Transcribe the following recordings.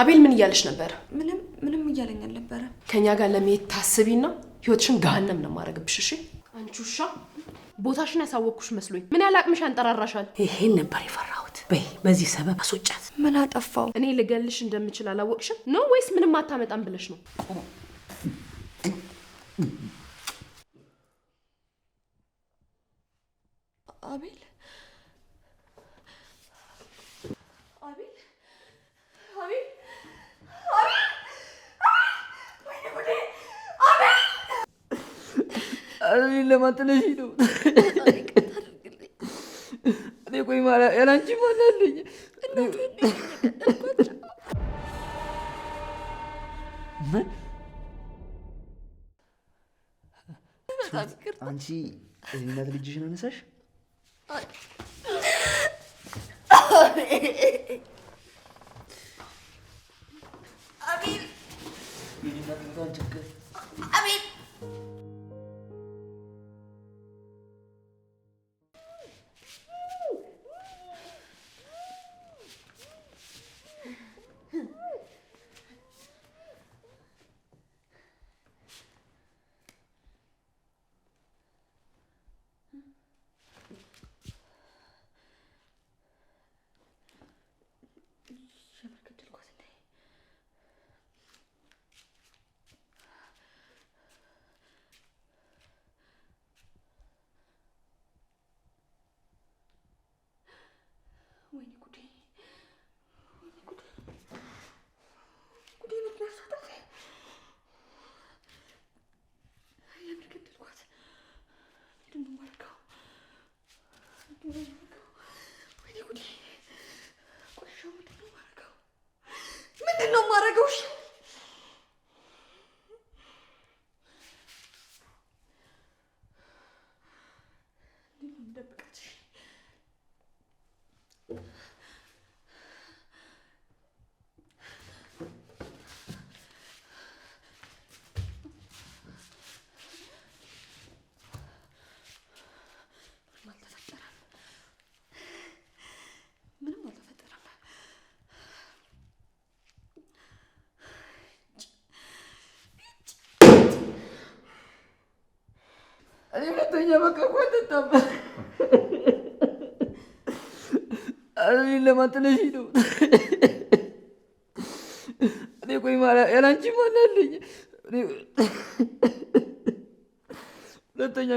አቤል ምን እያለች ነበረ? ምንም ምንም እያለኝ አልነበረ። ከእኛ ጋር ለመሄድ ታስቢና ህይወትሽን ገሀነም ነው የማደርግብሽ። እሺ አንቺ ውሻ፣ ቦታሽን ያሳወቅኩሽ መስሎኝ ምን ያህል አቅምሽ አንጠራራሻል። ይሄን ነበር የፈራሁት። በይ በዚህ ሰበብ አስወጫት። ምን አጠፋው? እኔ ልገልሽ እንደምችል አላወቅሽም ነው ወይስ ምንም አታመጣም ብለሽ ነው? አቤል አለኝ ለማጥለሽ ነው። እኔ ቆይ ማለት ያላንቺ ማን አንቺ እናት ልጅሽን አነሳሽ? አቤል Mm-hmm. ለማጥለሽ ነው። እኔ ቆይ ያላንቺ ማን ሁለተኛ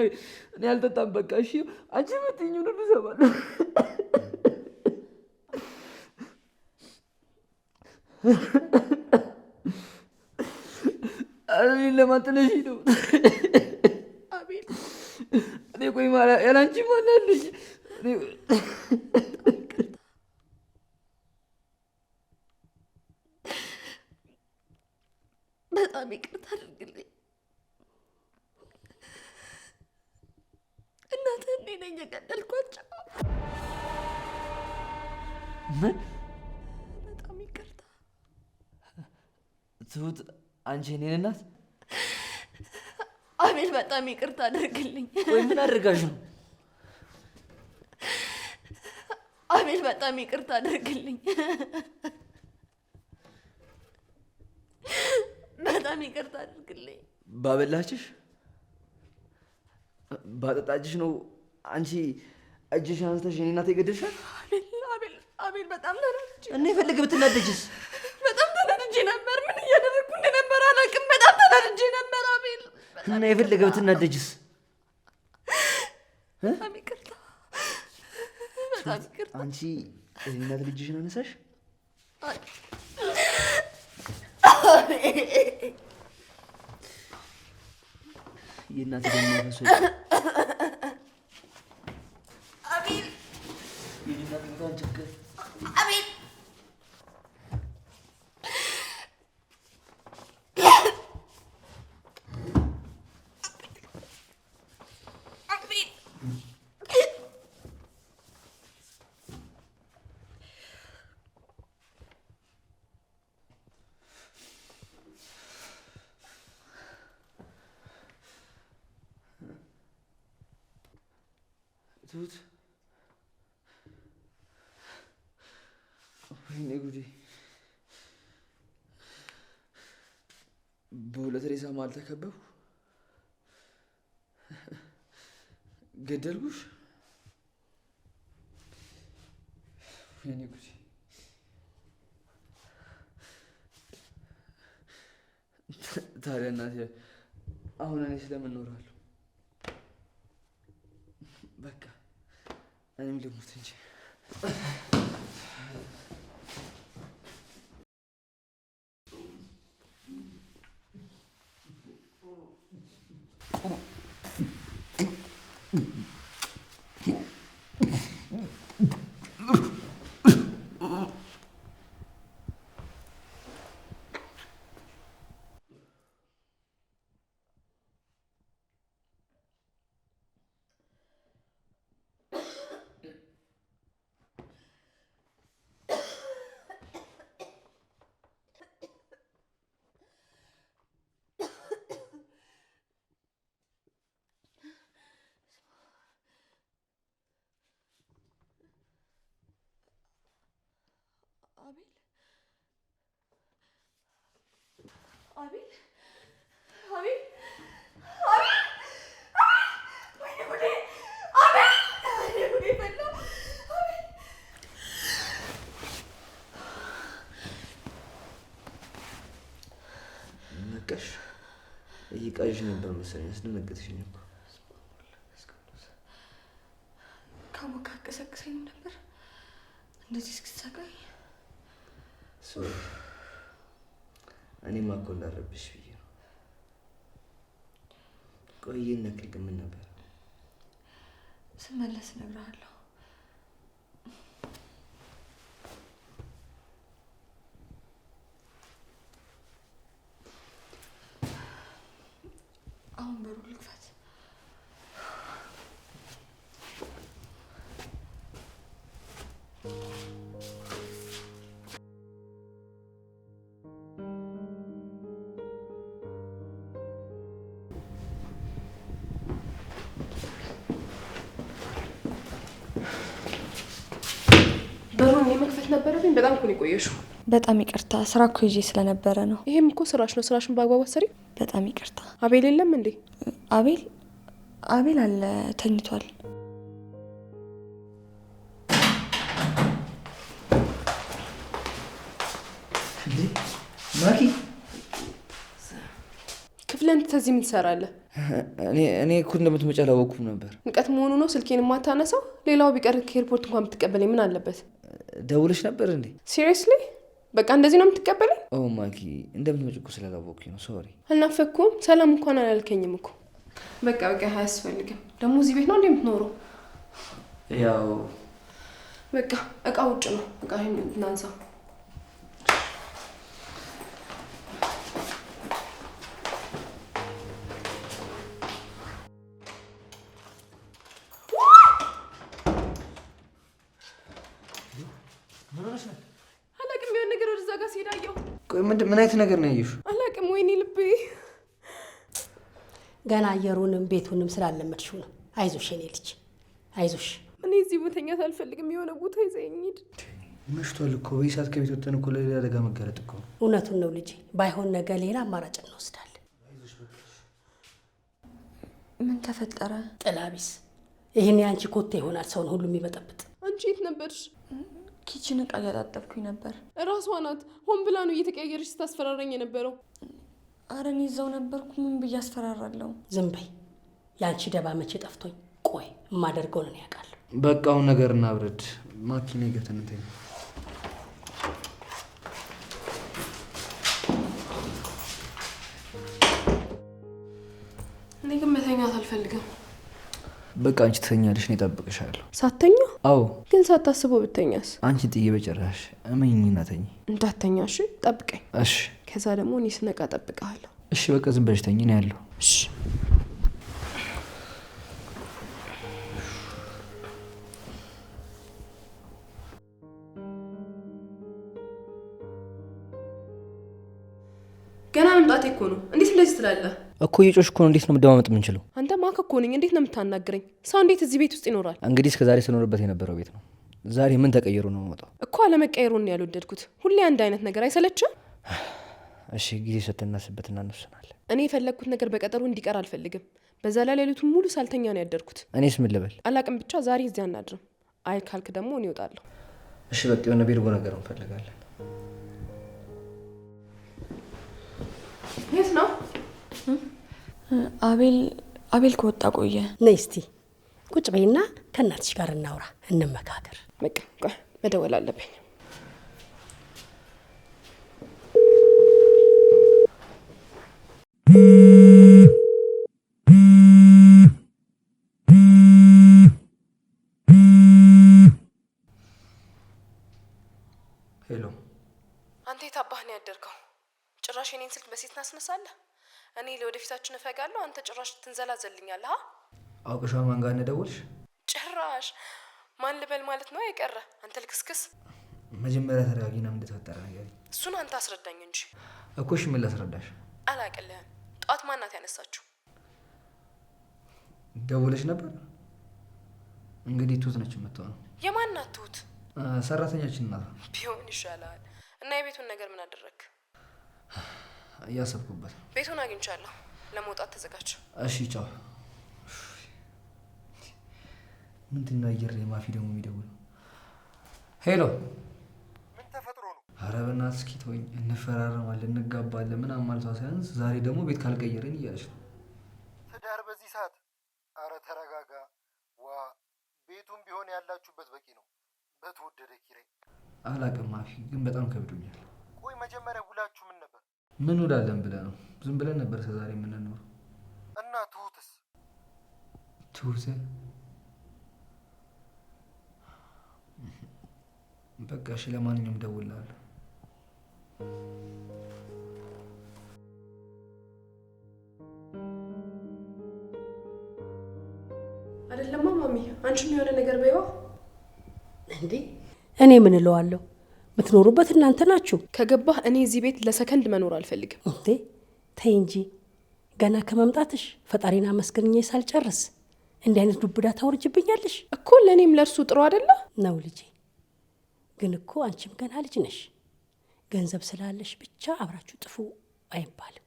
እኔ አልጠጣም። በቃ እሺ፣ አንቺ የምትይኝውን ሁሉ እሰማለሁ። እኔን ለማጥለሽ ነው። አቤት እኔ ቆይ ማርያ ያላንቺ ማናለሽ? በጣም ይቅርታ አድርግልኝ። እናትህ እኔ ነኝ የገደልኳቸው። ምን? በጣም ይቅርታ ትሁት፣ አንቺ እኔን እናት በጣም ይቅርታ አድርግልኝ። ወይ ምን አድርጋሽ ነው? አቤል በጣም ይቅርታ አድርግልኝ። በጣም ይቅርታ አድርግልኝ። ባበላችሽ ባጠጣችሽ ነው አንቺ እጅሽ አንስተሽ እኔ እናቴ ገደልሻል። አቤል አቤል አቤል በጣም ተናድጄ እና ይፈልግ ብትናደጅስ ነይፍል ገብት እናደጅስ አንቺ እናት ልጅሽን አነሳሽ? የእናት ደማፈሶ አቤል የእናት በጣም ችግር አያችሁት? ወይኔ ጉዴ! በሁለት ሬሳ መሃል ተከበብኩ። ገደልኩሽ። ወይኔ ጉዴ! ታዲያ እናቴ አሁን እኔ ስለምን ኖራለሁ? በቃ Adem Gülmurtinci. አቤል አቤል አቤል ወይኔ ነበር መሰለኝ። አስደነገጥሽኝ እኮ እኔ ማኮ እንዳረብሽ ብዬ ነው። ቆይ ይህን ያክል ግን ምን ነበር? ስመለስ እነግርሃለሁ። የቆየሽው? በጣም ይቅርታ ስራ እኮ ይዤ ስለነበረ ነው። ይሄም እኮ ስራሽ ነው። ስራሽን በአግባቡ ሰሪ። በጣም ይቅርታ። አቤል የለም እንዴ? አቤል አቤል አለ ተኝቷል። ማኪ ክፍለን ተዚህ ምን ትሰራለህ? እኔ እኮ እንደምትመጪ አላወኩም ነበር። ንቀት መሆኑ ነው ስልኬን የማታነሳው። ሌላው ቢቀር ከኤርፖርት እንኳን ብትቀበለኝ ምን አለበት? ደውለሽ ነበር እንዴ? ሲሪየስሊ? በቃ እንደዚህ ነው የምትቀበለኝ? ኦ ማኪ፣ እንደምትመጪ እኮ ነው። ሶሪ። አልናፈኩም። ሰላም እንኳን አላልከኝም እኮ። በቃ በቃ፣ አያስፈልግም። ደግሞ እዚህ ቤት ነው እንዴ የምትኖረው? ያው በቃ እቃ ውጭ ነው። እቃ እናንሳ ጋር ሲሄድ አየሁ። ምን አይነት ነገር ነው ያየሽው? አላውቅም። ወይኔ ልቤ። ገና አየሩንም ቤቱንም ስላለመድሽው ነው። አይዞሽ የኔ ልጅ አይዞሽ። እኔ እዚህ መተኛት አልፈልግም። የሆነ ቦታ ይዘኝ ሂድ። መሽቷል እኮ በዚህ ሰዓት ከቤት ወጥተን እኮ ለሌላ አደጋ መጋለጥ እኮ ነው። እውነቱን ነው ልጄ። ባይሆን ነገ ሌላ አማራጭ እንወስዳለን። ምን ተፈጠረ? ጥላቢስ ይህን የአንቺ ኮቴ ይሆናል ሰውን ሁሉ የሚበጠብጥ። አንቺ የት ነበርሽ? ኪችን እቃ እያጣጠብኩኝ ነበር። እራሷ ናት ሆን ብላ ነው እየተቀያየረች ስታስፈራራኝ የነበረው። አረ እኔ እዛው ነበርኩ። ምን ብዬ አስፈራራለሁ? ዝም በይ። የአንቺ ደባ መቼ ጠፍቶኝ። ቆይ የማደርገው ነው ያውቃለሁ። በቃውን ነገር እናብረድ። ማኪና ገትንት እኔ ግን መተኛት አልፈልግም። በቃ አንቺ ትተኛለሽ፣ እኔ እጠብቅሻለሁ። ሳተኝ አዎ። ግን ሳታስበው ብተኛስ? አንቺ ጥዬ በጭራሽ። እመኝኝና ተኝ። እንዳተኛ እሺ? ጠብቀኝ። እሺ። ከዛ ደግሞ እኔ ስነቃ ጠብቀሃለሁ። እሺ። በቃ ዝም በለሽ ተኝ። ነው ያለው። እሺ። ገና መምጣቴ እኮ ነው። እንዴት እንደዚህ ትላለህ? እኮ እየጮሽ እኮ ነው። እንዴት ነው መደማመጥ የምንችለው? ባለማወቅ እኮ ነኝ። እንዴት ነው የምታናግረኝ? ሰው እንዴት እዚህ ቤት ውስጥ ይኖራል? እንግዲህ እስከዛሬ ስኖርበት የነበረው ቤት ነው። ዛሬ ምን ተቀየሩ ነው መውጣው? እኮ አለመቀየሩን ነው ያልወደድኩት። ሁሌ አንድ አይነት ነገር አይሰለችም? እሺ ጊዜ ስትናስበት እናነሱናል። እኔ የፈለግኩት ነገር በቀጠሩ እንዲቀር አልፈልግም። በዛ ላይ ሌሊቱን ሙሉ ሳልተኛ ነው ያደርኩት። እኔስ ምን ልበል አላቅም። ብቻ ዛሬ እዚያ አናድርም። አይ ካልክ ደግሞ እኔ እወጣለሁ። እሺ በቃ የሆነ ቢርቦ ነገር እንፈልጋለን። የት ነው አቤል አቤል ከወጣ ቆየ። ነይ እስቲ ቁጭ በይና ከእናትሽ ጋር እናውራ፣ እንመካከር። በቃ መደወል አለብኝ። ሄሎ፣ አንተ የት አባህ ነው ያደርከው? ጭራሽ የኔን ስልክ በሴት ናስነሳለህ? እኔ ለወደፊታችን እፈጋለሁ፣ አንተ ጭራሽ ትንዘላዘልኛለህ። አውቅሻ ማን ጋር እንደደወልሽ? ጭራሽ ማን ልበል ማለት ነው የቀረ አንተ ልክስክስ። መጀመሪያ ነው እንደተፈጠረ ነገር እሱን አንተ አስረዳኝ እንጂ እኮሽ። ምን ላስረዳሽ? አላቅልህም። ጠዋት ማናት ያነሳችሁ? ደውለች ነበር እንግዲህ ትሁት ነች የምትሆነው። የማናት ትሁት? ሰራተኛችን ናት። ቢሆን ይሻላል። እና የቤቱን ነገር ምን አደረግክ? እያሰብኩበት ቤቱን አግኝቻለሁ። ለመውጣት ተዘጋጅ። እሺ ቻው። ምንድን ነው አየር ማፊ ደግሞ የሚደውለው? ሄሎ፣ ምን ተፈጥሮ ነው? ኧረ በእናትህ እስኪ ተወኝ። እንፈራረማለን፣ እንጋባለን ምናምን ማለቷ ሳያንስ ዛሬ ደግሞ ቤት ካልቀየርን እያለች ነው። ትዳር በዚህ ሰዓት? አረ ተረጋጋ። ዋ ቤቱም ቢሆን ያላችሁበት በቂ ነው። በተወደደ ኪራይ አላቅም ማፊ፣ ግን በጣም ከብዶኛል። ቆይ መጀመሪያ ውላችሁ ምን ነበር? ምን ውላለን ብለ ነው? ዝም ብለን ነበር ስለዛሬ የምንኖር። እና ትሁትስ? ትሁት በቃ እሺ፣ ለማንኛውም እደውልልሃለሁ። አይደለማ ማሚ፣ አንቺም የሆነ ነገር በይዋ። እንዴ እኔ ምን እለዋለሁ? የምትኖሩበት እናንተ ናችሁ። ከገባህ እኔ እዚህ ቤት ለሰከንድ መኖር አልፈልግም። እንዴ ተይ እንጂ ገና ከመምጣትሽ ፈጣሪን መስገንኛ ሳልጨርስ እንዲህ አይነት ዱብዳ ታወርጅብኛለሽ እኮ። ለእኔም ለእርሱ ጥሩ አደለ ነው ልጄ። ግን እኮ አንቺም ገና ልጅ ነሽ። ገንዘብ ስላለሽ ብቻ አብራችሁ ጥፉ አይባልም።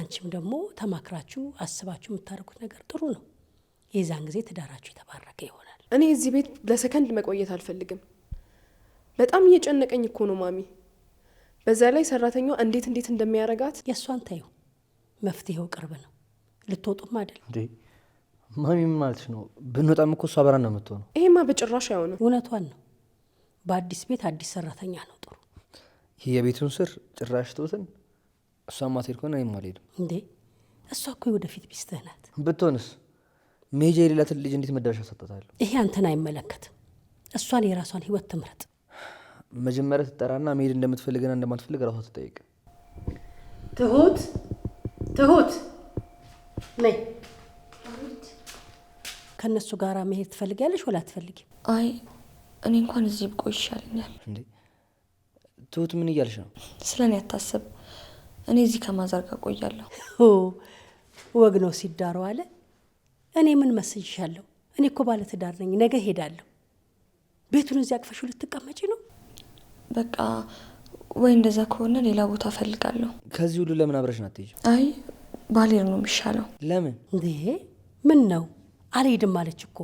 አንቺም ደግሞ ተማክራችሁ አስባችሁ የምታደርጉት ነገር ጥሩ ነው። የዛን ጊዜ ትዳራችሁ የተባረከ ይሆናል። እኔ እዚህ ቤት ለሰከንድ መቆየት አልፈልግም። በጣም እየጨነቀኝ እኮ ነው ማሚ። በዛ ላይ ሰራተኛዋ እንዴት እንዴት እንደሚያረጋት የእሷን ታየው። መፍትሄው ቅርብ ነው። ልትወጡም አይደል እንዴ? ማሚ ማለት ነው? ብንወጣም እኮ እሷ አብራን ነው የምትሆነው። ይሄማ በጭራሽ አይሆንም። እውነቷን ነው። በአዲስ ቤት አዲስ ሰራተኛ ነው ጥሩ። ይህ የቤቱን ስር ጭራሽ ትውትን። እሷ ማትሄድ ከሆነ እኔም አልሄድም። እንዴ እሷ እኮ ወደፊት ሚስትህ ናት። ብትሆንስ መሄጃ የሌላትን ልጅ እንዴት መዳረሻ ሰጣታለሁ? ይሄ አንተን አይመለከትም። እሷን የራሷን ህይወት ትምረጥ። መጀመሪያ ትጠራና መሄድ እንደምትፈልግና እንደማትፈልግ ራሷ ትጠይቅ። ትሁት ትሁት ነይ። ከእነሱ ጋር መሄድ ትፈልጊያለሽ ወላ አትፈልጊም? አይ እኔ እንኳን እዚህ ብቆይ ይሻለኛል። እንዴ ትሁት ምን እያልሽ ነው? ስለ እኔ አታስብ። እኔ እዚህ ከማዘር ጋር ቆያለሁ። ወግ ነው ሲዳሩ አለ። እኔ ምን መስይሻለሁ? እኔ እኮ ባለትዳር ነኝ። ነገ ሄዳለሁ። ቤቱን እዚህ አቅፈሽ ልትቀመጪ ነው? በቃ ወይ እንደዛ ከሆነ ሌላ ቦታ እፈልጋለሁ። ከዚህ ሁሉ ለምን አብረሽ ናት አይ ባሌር ነው የሚሻለው። ለምን እንዴ? ምን ነው አልሄድም አለች እኮ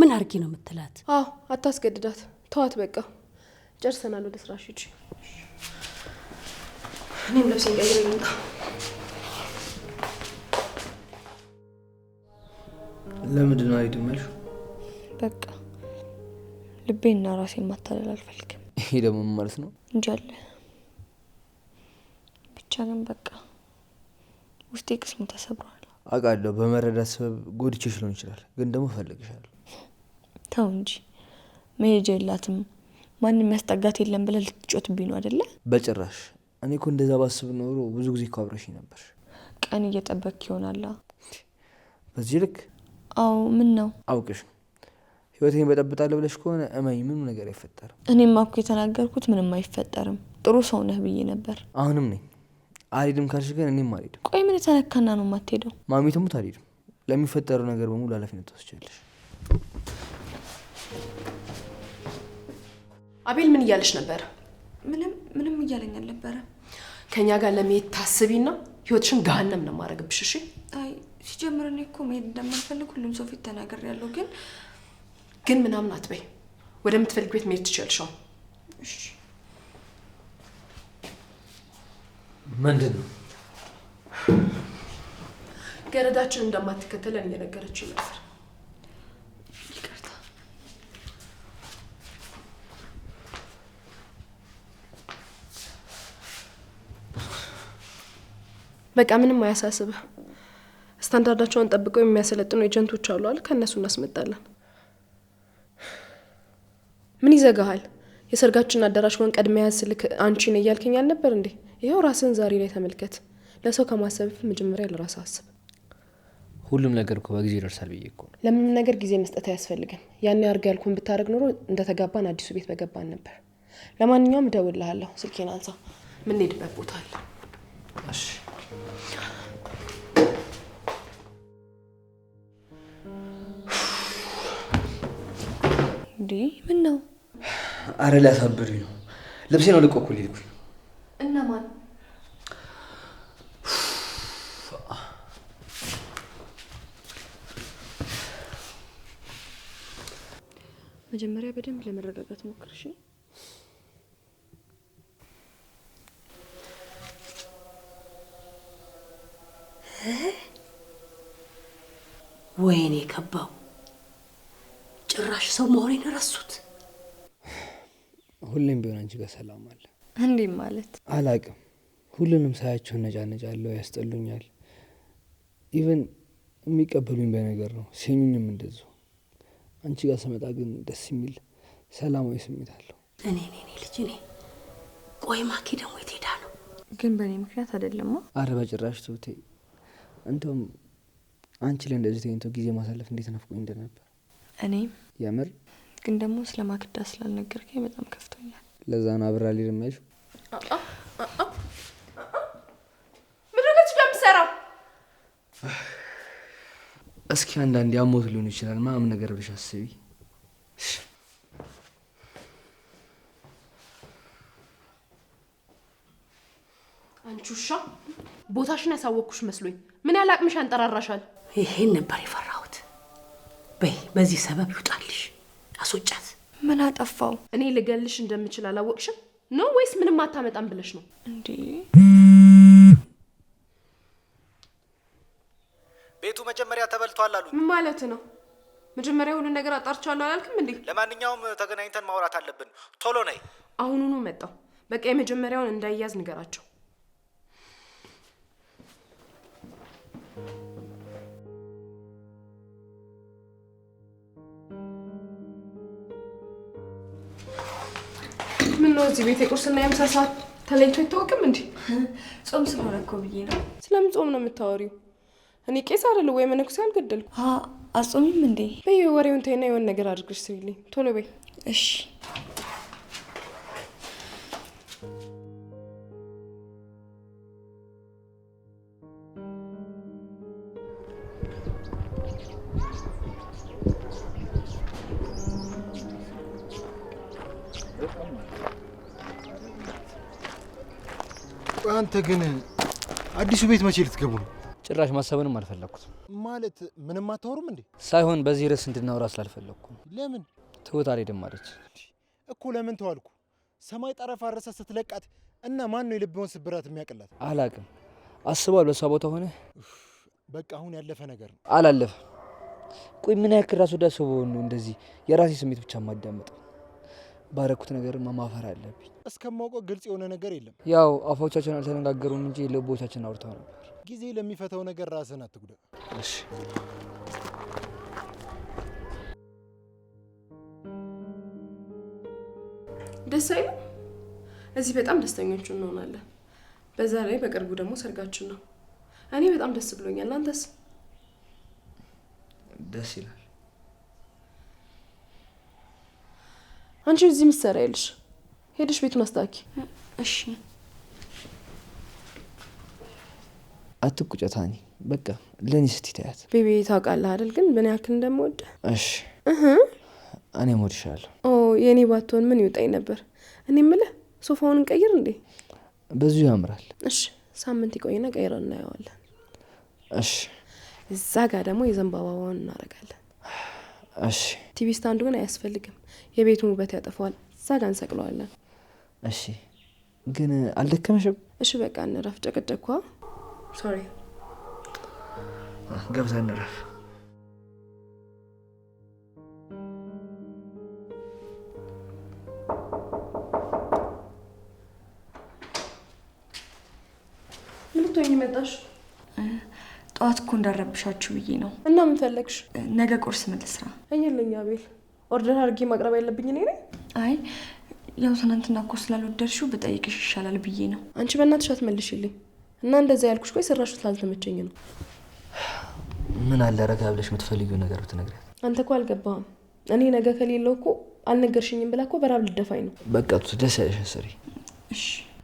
ምን አርጊ ነው የምትላት? አዎ አታስገድዳት፣ ተዋት በቃ ጨርሰናል። ወደ ስራሽ ሂጂ። እኔም ለብሴ ቀይሬ ልምጣ። ለምንድን ነው አልሄድም በቃ ልቤና ራሴን ማታለል አልፈልግም። ይሄ ደግሞ ማለት ነው እንጃለ ብቻ ግን በቃ ውስጤ ቅስሙ ተሰብሯል። አውቃለሁ በመረዳት ሰበብ ጎድቼሽ ሊሆን ይችላል፣ ግን ደግሞ እፈልግሻለሁ። ተው እንጂ መሄጃ የላትም ማንም ያስጠጋት የለም ብለህ ልትጮት ቢኑ አይደለ? በጭራሽ እኔ እኮ እንደዛ ባስብ ኖሮ ብዙ ጊዜ እኮ አብረሽኝ ነበር። ቀን እየጠበክ ይሆናላ በዚህ ልክ። አዎ ምን ነው አውቅሽ ነው ህይወቴን በጠብጣለሁ ብለሽ ከሆነ እመኝ፣ ምንም ነገር አይፈጠርም። እኔም እኮ የተናገርኩት ምንም አይፈጠርም፣ ጥሩ ሰው ነህ ብዬ ነበር። አሁንም ነኝ። አልሄድም ካልሽ ግን እኔም አልሄድም። ቆይ ምን የተነካና ነው የማትሄደው? ማሚ ትሙት አልሄድም። ለሚፈጠረው ነገር በሙሉ ኃላፊነት ትወስጃለሽ። አቤል ምን እያለሽ ነበረ? ምንም ምንም እያለኝ አልነበረ። ከእኛ ጋር ለመሄድ ታስቢና ህይወትሽን ገሀነም ነው የማደርግብሽ። እሺ? አይ ሲጀምር እኔ እኮ መሄድ እንደማልፈልግ ሁሉም ሰው ፊት ተናገር ያለው ግን ግን ምናምን አትበይ። ወደምትፈልግ ቤት መሄድ ትችልሻው። ምንድን ነው ገረዳችን እንደማትከተለን እየነገረችኝ ነበር። በቃ ምንም አያሳስብህ። ስታንዳርዳቸውን ጠብቀው የሚያሰለጥኑ ኤጀንቶች አሉ አለ ከእነሱ እናስመጣለን። ምን ይዘጋሃል? የሰርጋችን አዳራሽ ወን ቀድሜ ያዝ ስልክ አንቺን እያልከኝ አልነበር እንዴ? ይኸው ራስን ዛሬ ላይ ተመልከት። ለሰው ከማሰብ መጀመሪያ ለራስ አስብ። ሁሉም ነገር እኮ በጊዜ ይደርሳል ብዬ እኮ ነው። ለምንም ነገር ጊዜ መስጠት አያስፈልግም። ያን ያርግ ያልኩን ብታደርግ ኖሮ እንደተጋባን አዲሱ ቤት በገባን ነበር። ለማንኛውም እደውልልሃለሁ። ስልኬን አንሳ። ምንሄድበት ቦታ አለ። እሺ እንዴ ምን ነው? አረ ሊያሳብዱኝ ነው። ልብሴን አውልቆ እኮ ሊልኩኝ እነማን? መጀመሪያ በደንብ ለመረጋጋት እሺ ወይኔ ከባው ጭራሽ ሰው መሆኔን ረሱት። ሁሌም ቢሆን አንቺ ጋር ሰላም አለ። እንዲህ ማለት አላቅም። ሁሉንም ሳያቸውን ነጫነጫለሁ፣ ያስጠሉኛል። ኢቨን የሚቀበሉኝ በነገር ነው፣ ሲኙኝም እንደዙ። አንቺ ጋር ስመጣ ግን ደስ የሚል ሰላማዊ ስሜት አለሁ። እኔ ኔ ልጅ እኔ ቆይ፣ ማኪ ደግሞ የት ሄዳ ነው? ግን በእኔ ምክንያት አይደለማ። አረ በጭራሽ ትውቴ። እንደውም አንቺ ላይ እንደዚህ ተኝቶ ጊዜ ማሳለፍ እንዴት ነፍቆኝ እንደነበር እኔም የምር ግን ደግሞ ስለ ማክዳ ስላልነገርከኝ በጣም ከፍቶኛል። ለዛ ነው አብራ ሊል ምድረገች ለምሰራው እስኪ አንዳንድ አሞት ሊሆን ይችላል ማም ነገር ብሽ አስቢ። አንቹሻ ቦታሽን ያሳወቅኩሽ መስሎኝ ምን ያህል አቅምሽ ያንጠራራሻል። ይሄን ነበር ይፈራ በይ በዚህ ሰበብ ይውጣልሽ፣ አስወጫት። ምን አጠፋው? እኔ ልገልሽ እንደምችል አላወቅሽም ነው ወይስ ምንም አታመጣም ብለሽ ነው እንዴ? ቤቱ መጀመሪያ ተበልቷል አሉ ማለት ነው። መጀመሪያ ሁሉን ነገር አጣርቻለሁ አላልክም እንዴ? ለማንኛውም ተገናኝተን ማውራት አለብን። ቶሎ ነይ። አሁኑኑ መጣው። በቃ የመጀመሪያውን እንዳያዝ ንገራቸው። ነው እዚህ ቤት የቁርስና የምሳ ሰዓት ተለይቶ አይታወቅም እንዴ? ጾም ስለሆነ እኮ ብዬ ነው። ስለምን ጾም ነው የምታወሪው? እኔ ቄስ አይደለሁ ወይ መነኩሴ አልገደልኩ። አጾሚም እንዴ? በይ ወሬውን ተይና የሆነ ነገር አድርግሽ ስቢልኝ ቶሎ በይ። እሺ አንተ ግን አዲሱ ቤት መቼ ልትገቡ ነው? ጭራሽ ማሰብንም አልፈለግኩትም። ማለት ምንም አታወሩም እንዴ? ሳይሆን በዚህ ርዕስ እንድናወራ ስላልፈለግኩ። ለምን? ትሁት አልሄድም አለች እኮ። ለምን ተዋልኩ። ሰማይ ጠረፋ ረሰ ስትለቃት እና ማን ነው የልብውን ስብራት የሚያቅላት? አላቅም። አስቧል። በእሷ ቦታ ሆነ። በቃ አሁን ያለፈ ነገር ነው። አላለፈ። ቆይ ምን ያክል ራስ ወዳድ ሰው እንደዚህ የራሴ ስሜት ብቻ ማዳመጠው ባረኩት ነገር መማፈር አለብኝ። እስከማውቀው ግልጽ የሆነ ነገር የለም። ያው አፋዎቻችን አልተነጋገሩም እንጂ ልቦቻችን አውርተው ነበር። ጊዜ ለሚፈታው ነገር ራስን አትጉዳ። እሺ ደስ አይልም? እዚህ በጣም ደስተኞች እንሆናለን። በዛ ላይ በቅርቡ ደግሞ ሰርጋችን ነው። እኔ በጣም ደስ ብሎኛል። አንተስ? ደስ ይላል። አንቺ እዚህ ምትሰራ የለሽ፣ ሄደሽ ቤቱን አስታኪ። እሺ አትቁጨታኒ በቃ ለእኔ ስቲታያት ታያት። ቤቢ ታውቃለህ አይደል ግን ምን ያክል እንደምወድ። እሺ እኔ ሞድሻለሁ። ኦ የእኔ ባትሆን ምን ይወጣኝ ነበር። እኔ ምለ ሶፋውን እንቀይር እንዴ? በዚሁ ያምራል። እሺ ሳምንት ይቆይና ቀይረ እናየዋለን። እሺ እዛ ጋር ደግሞ የዘንባባውን እናደርጋለን። እሺ ቲቪ ስታንዱ ግን አያስፈልግም። የቤቱን ውበት ያጠፈዋል። እዛ ጋ እንሰቅለዋለን። እሺ ግን አልደከመሽም? እሺ በቃ እንረፍ። ጨቅጨኳ ሶሪ፣ ገብታ እንረፍ። ምን ልትሆኝ መጣሽ? ጠዋት እኮ እንዳረብሻችሁ ብዬ ነው። እና ምን ፈለግሽ? ነገ ቁርስ ምን ልስራ? እየለኛ ቤል ኦርደር አድርጌ ማቅረብ ያለብኝ እኔ ነኝ። አይ ያው ትናንትና እኮ ስላልወደድሽው ብጠይቅሽ ይሻላል ብዬ ነው። አንቺ በእናትሽ አትመልሽልኝ። እና እንደዛ ያልኩሽ ቆይ ስራሹ ስላልተመቸኝ ነው። ምን አለ ረጋ ብለሽ የምትፈልጊው ነገር ብትነግሪያት። አንተ እኮ አልገባህም። እኔ ነገ ከሌለው እኮ አልነገርሽኝም ብላ እኮ በራብ ልደፋኝ ነው። በቃ ደስ ያለሽ ስሪ።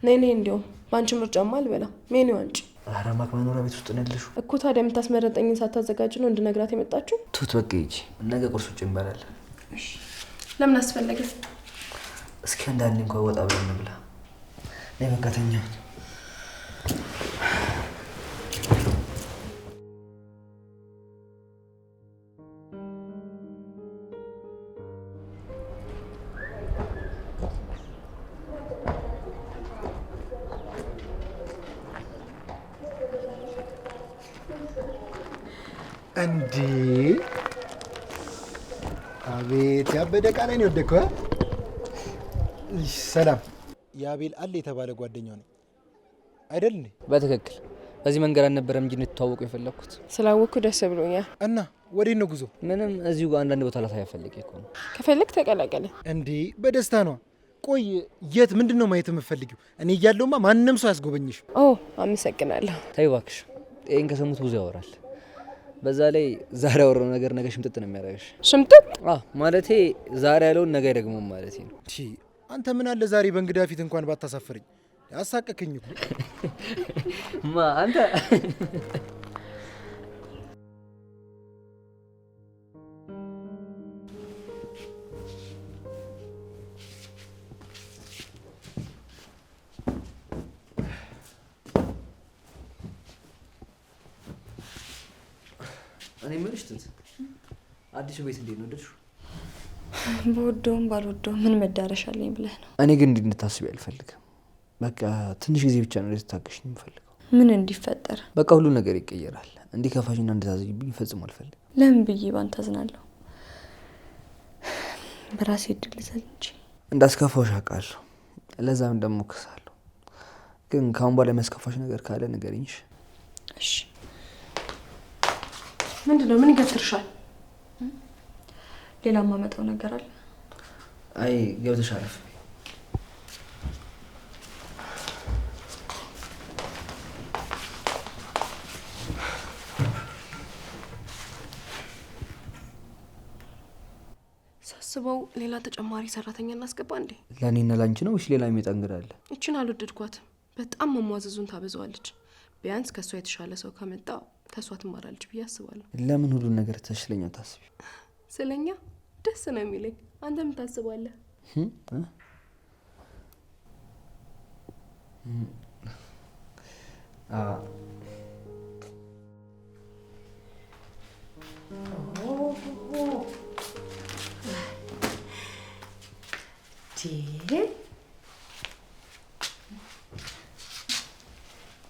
ነይ ነይ። እንዲያውም በአንቺ ምርጫማ አልበላ ሜኒው አንጭ አራማክ መኖሪያ ቤት ውስጥ ነው ያለሽው እኮ ታዲያ የምታስመረጠኝን ሳታዘጋጅ ነው እንድነግራት የመጣችው? ቱት በቃ ሂጂ፣ ነገ ቁርሱ ውጭ እንበላለን። ለምን አስፈለገ? እስኪ አንዳንዴ እንኳን ወጣ ብለን ብላ። እኔ በቃ ተኛሁኝ። ሰደቃ ላይ ነው የወደቅከው። ሰላም፣ የአቤል አለ የተባለ ጓደኛው ነኝ አይደል? በትክክል በዚህ መንገድ አልነበረም እንጂ እንድትተዋወቁ የፈለግኩት። ስላወቅኩ ደስ ብሎኛል። እና ወዴት ነው ጉዞ? ምንም እዚሁ አንዳንድ ቦታ ላሳይ ፈልጌ እኮ ነው። ከፈለግ ተቀላቀለ እንዴ? በደስታ ነው። ቆይ የት ምንድን ነው ማየት የምፈልጊው? እኔ እያለሁማ ማንም ሰው ያስጎበኝሽ። ኦ አመሰግናለሁ። ተይ እባክሽ፣ ይህን ከሰሙት ብዙ ያወራል። በዛ ላይ ዛሬ ያወረው ነገር ነገ ሽምጥጥ ነው የሚያደርግሽ። ሽምጥጥ ማለቴ ዛሬ ያለውን ነገ ደግሞ ማለት ነው። አንተ ምን አለ ዛሬ በእንግዳ ፊት እንኳን ባታሳፍርኝ። አሳቀክኝ ማ አንተ እኔ የምልሽ ትንት አዲሱ ቤት እንዴት ነው? ወደድሽው? በወደውም ባልወደውም ምን መዳረሻ አለኝ ብለህ ነው። እኔ ግን እንዲህ እንድታስቢ አልፈልግም። በቃ ትንሽ ጊዜ ብቻ ነው ልትታገሽ የምፈልገው። ምን እንዲፈጠር? በቃ ሁሉ ነገር ይቀየራል። እንዲህ ከፋሽና እንድታዘኝብኝ ፈጽሞ አልፈልግም። ለምን ብዬ ባንተ አዝናለሁ። በራሴ እድል ልዘል እንጂ እንዳስከፋሽ አውቃለሁ። ለዛም ደግሞ ክሳለሁ። ግን ከአሁን በላይ የሚያስከፋሽ ነገር ካለ ንገሪኝ። እሺ ምንድን ነው? ምን ይገትርሻል? ሌላ ማመጣው ነገር አለ። አይ ገብተሽ አረፍ። ሳስበው ሌላ ተጨማሪ ሰራተኛ እናስገባ እንዴ? ለእኔና ላንቺ ነው እሺ? ሌላ የሚመጣ እንግዳ አለ። እችን አልወደድኳትም። በጣም መሟዘዙን ታበዛዋለች። ቢያንስ ከእሷ የተሻለ ሰው ከመጣ ከእሷ ትማራለች ብዬ አስባለሁ። ለምን ሁሉን ነገር ስለኛ ታስቢ? ስለኛ ደስ ነው የሚለኝ። አንተ ምን ታስባለህ?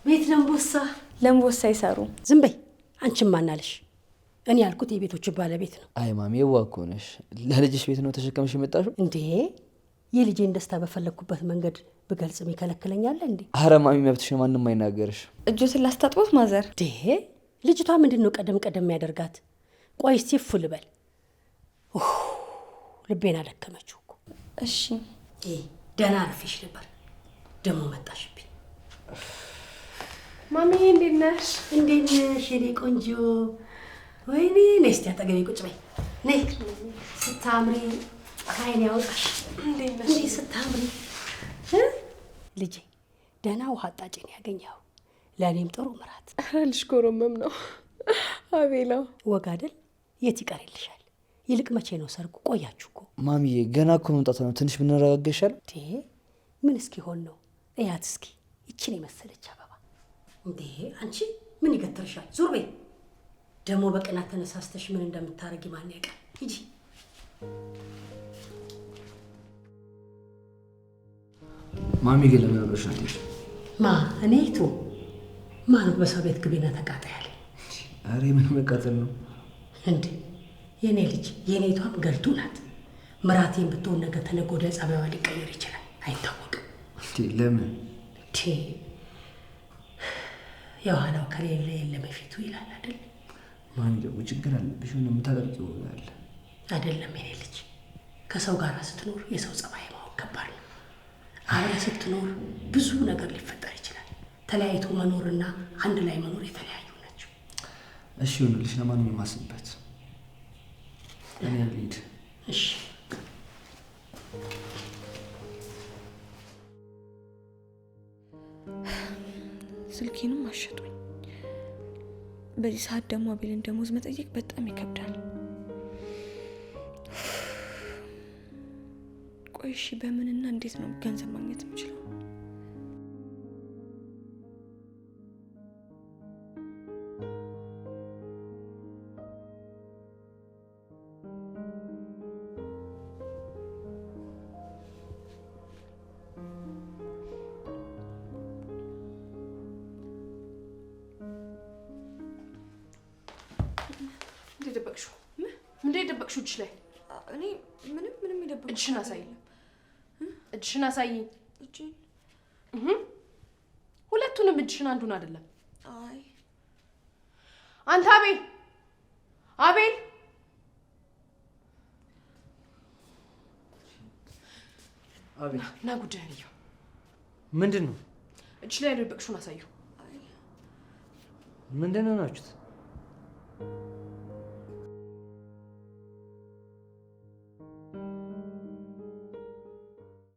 ቤት ነው ቦሳ ለምቦሳ ይሰሩ። ዝም በይ አንቺም ማናለሽ? እኔ ያልኩት የቤቶች ባለቤት ነው። አይ ማሚ የዋ እኮ ነሽ። ለልጅሽ ቤት ነው ተሸከምሽ የመጣሽው እንዴ? የልጄን ደስታ በፈለግኩበት መንገድ ብገልጽ ይከለክለኛል እንዴ? አረ ማሚ መብትሽን፣ ማንም አይናገርሽ። እጆትን ላስታጥቦት ማዘር። እንዴ ልጅቷ ምንድን ነው ቀደም ቀደም ያደርጋት? ቆይ እስቲ እፉ ልበል። ልቤን አደከመችው እኮ። እሺ ደህና አረፈሽ ነበር፣ ደግሞ መጣሽብኝ። ማሚዬ እንዴት ነሽ? እንዴት ነሽ የኔ ቆንጆ? ወይኔ ነይ እስኪ አጠገቤ ቁጭ በይ። ነይ ስታምሪ ከዓይን ያወጣሽ። ስታምሪ ልጄ። ደህና ውሃ አጣጭን ያገኘው ለእኔም ጥሩ ምራት ልሽ። ጎረመም ነው አቤላው ወግ አይደል? የት ይቀር ይልቅ መቼ ነው ሰርጉ? ቆያችሁ እኮ ማሚዬ። ገና እኮ መምጣት ነው። ትንሽ ብንረጋገሻል። ምን እስኪሆን ነው? እያት እስኪ ይችን የመሰለች እንዴ አንቺ ምን ይገትርሻል? ዙር በይ። ደግሞ በቅናት ተነሳስተሽ ምን እንደምታረጊ ማን ያውቃል? ሂጂ ማሚ። ግን ለምን አብረሽ ማ እኔ ቱ ማነው በሰው ቤት ግቢና ተቃጠያለ። አረ ምን መቃጠል ነው እንዴ? የእኔ ልጅ የእኔቷም ገልቱ ናት። ምራቴን ብትሆን ነገ ተነገ ወዲያ ጸባይዋ ሊቀየር ይችላል፣ አይታወቅም። ለምን የኋላው ከሌለ የለም የፊቱ ይላል አይደል? ማሚ ደግሞ ችግር አለብሽ ሆነ የምታደርጊው ያለ አይደለም። የኔ ልጅ ከሰው ጋር ስትኖር የሰው ጸባይ ማወቅ ከባድ ነው። አብረ ስትኖር ብዙ ነገር ሊፈጠር ይችላል። ተለያይቶ መኖርና አንድ ላይ መኖር የተለያዩ ናቸው። እሺ ይሁንልሽ። ለማንኛውም አስብበት። እኔ ልሂድ። እሺ ስልኬንም አሸጡኝ። በዚህ ሰዓት ደግሞ አቤልን ደሞዝ መጠየቅ በጣም ይከብዳል። ቆይ እሺ፣ በምንና እንዴት ነው ገንዘብ ማግኘት የምችለው? ያደበቅሽው እጅሽ ላይ? እኔ ምንም ምንም የደበቅኩት እጅሽን አሳይኝ፣ እጅሽን አሳይኝ። ሁለቱንም እጅሽን፣ አንዱን አይደለም። አይ አንተ አቤል፣ አቤል ና ጉዳይን ምንድን ነው? እጅ ላይ ያደበቅሽውን አሳየው። ምንድን ነው ናችሁት?